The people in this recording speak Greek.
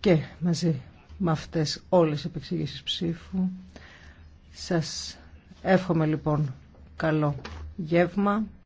και μαζί με αυτές όλες οι επεξηγήσεις ψήφου σας εύχομαι λοιπόν καλό γεύμα.